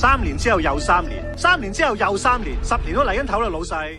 三年之後又三年，三年之後又三年，十年都嚟緊頭啦，老細。